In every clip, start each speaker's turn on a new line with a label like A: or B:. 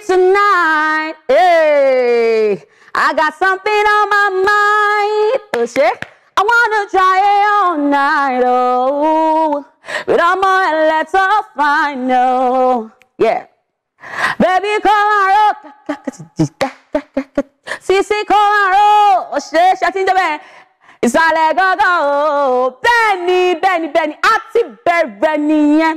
A: tonight. Hey, I got something on my mind. Oh, shit. I wanna try it all night. Oh, but I'm gonna let her find no, Yeah. Baby, call my up. Sisi, call my up. Oh, shit. Shutting the bed. Ìsàlẹ̀ gángan o, bẹ́ẹ̀ ni Benny. ni bẹ́ẹ̀ ni, á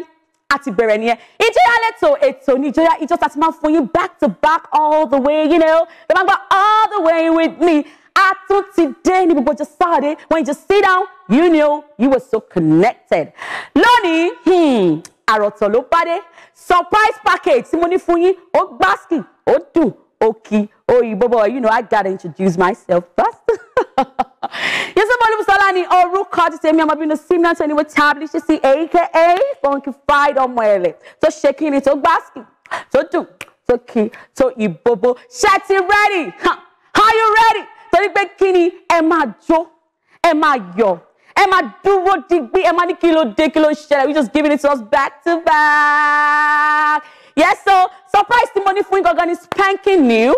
A: àti bẹ̀rẹ̀ nìyẹn ìjọyà lẹ́tọ̀ ètò ní ìjọyà ìjọ tá a ti máa fún yín back to back all the way you know lè máa gba all the way with me a tún ti dé ní gbogbo ọjọ́ Saturday when you just sit down you know you were so connected lónìí hmm, àròtọ̀ ló pàdé surprise package tí mo ní fún yín ó gbásìkì ó dùn ó kí ó yí bọ́bọ̀ you know I gotta introduce myself first. ní orúkọ ti tèmi ọmọbìnrin Simna tó ní wọ́n tábìlì ṣe sí aka funkified ọmọ ẹ̀rẹ̀ tó ṣe kí ni tó gbásì tó dùn tó kí tó ìbobo ṣe ti ready are you ready torí pé kí ni ẹ máa jó ẹ máa yọ̀ ẹ máa dúró digbí ẹ máa ní kí ló dé kí ló ṣẹlẹ̀ we just giving it to us back to back yes so surprise tí mo ní fún yín gangan ni spanking new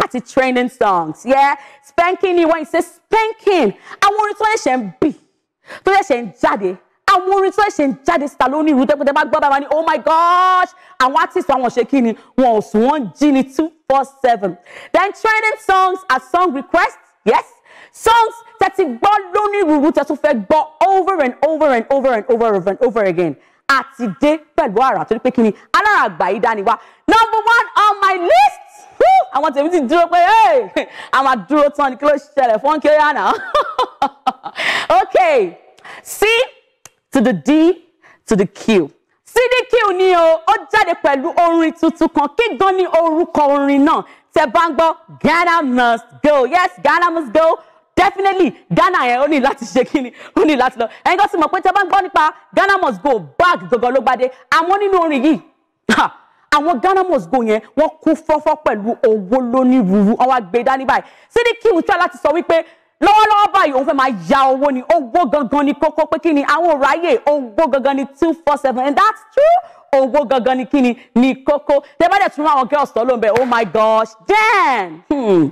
A: àti training songs yeah spanking ni when you say spanking àwọn orin tó ṣẹ̀ṣẹ̀ ń bì tó ṣẹ̀ṣẹ̀ ń jáde àwọn orin tó ṣẹ̀ṣẹ̀ ń jáde síta ló ní ìrú tẹ́pẹ́tẹ́ bá gbọ́ bàbá ni oh my gosh àwọn artist wa wọn ṣe kí ni wọn ò sùn wọn jí ni two four seven then training songs are song requests yes songs tẹ́tí gbọ́ lónírúurú tẹ́tún fẹ́ gbọ́ over and over and over and over and over again àti dé pẹ̀lú àrà tó ní pé kí ni alára àgbà yìí dání wá number one on my list àwọn tèmi ti dúró pé àwọn àdúró tán ni kí ló ṣẹlẹ̀ fún kí ó yà náà okay c to the d to the q CDQ ni o ó jáde pẹ̀lú orin tuntun kan kí gan ni orúkọ orin náà tẹ́ bá ń gbọ́ Ghana must go yes Ghana must go definitely Ghana yẹn ó ní láti ṣe kí ni ó ní láti lọ ẹ̀yin kan sì mọ̀ pé tẹ́ bá ń gbọ́ nípa Ghana must go back gangan ló gbadé àmọ́ nínú orin yìí àwọn Ghana Must Go yẹn wọ́n kún fọ́fọ́ pẹ̀lú owó lónírúurú wọ́n wá gbé dání báyìí Sídíkì ń tọ́ láti sọ wípé lọ́wọ́lọ́wọ́ báyìí òun fẹ́ máa ya owó ni owó gangan ni kókó pé kí ni àwọn ò ráyè owó gangan ni two four seven and that's true owó gangan ni kí ni ni kókó tẹ tún àwọn girls tó ló ń oh my gosh then hmm,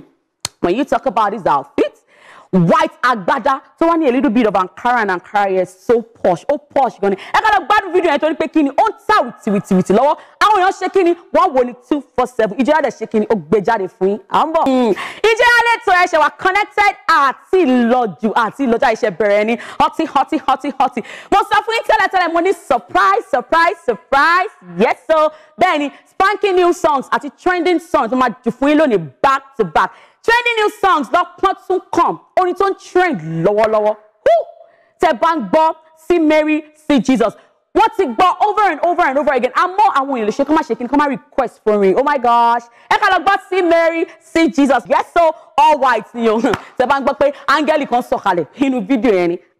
A: when you talk about this outfit white agbada tó wá ní a little bit of ankara and ankara yẹn so posh oh, posh gan ni ẹ kọ́ lọ gbọ́ fídíò yẹn torí pé kí ni ó ń tà wìtìwìtìwìtì lọ́wọ́ àwọn èèyàn ṣe kí ni wọ́n wò ní two four seven ìjọba dẹ̀ ṣe kí ni ó gbé jáde fún yín à ń bọ̀. Hmm. ìjọba lè tọ́ ẹ̀ṣẹ̀ wa connected àti ìlọ́jù àti ìlọ́jà iṣẹ́ bẹ̀rẹ̀ ni hoti hoti hoti hoti mo sọ fún yín tẹ́lẹ̀tẹ́lẹ̀ mo ní surprise surprise surprise yes so bẹ́ẹ̀ ni spanking new songs àti trending songs mo máa jù fún yín lónìí back to back trending new songs lọ́pọ̀ tún kàn orin tó ń trend lọ́wọ́lọ́wọ́ tẹ́ bá ń gbọ́ sí Mary sí Jesus wọ́n ti gbọ́ over and over and over again àmọ́ àwọn èèyàn lè ṣe kó má ṣe kí ni kó má request for rin oh my gosh ẹ ká lọ gbọ́ sí Mary sí Jesus yes so all white ni o tẹ bá ń gbọ́ pé áńgẹ́lì kan sọ̀kalẹ̀ nínú fídíò yẹn ni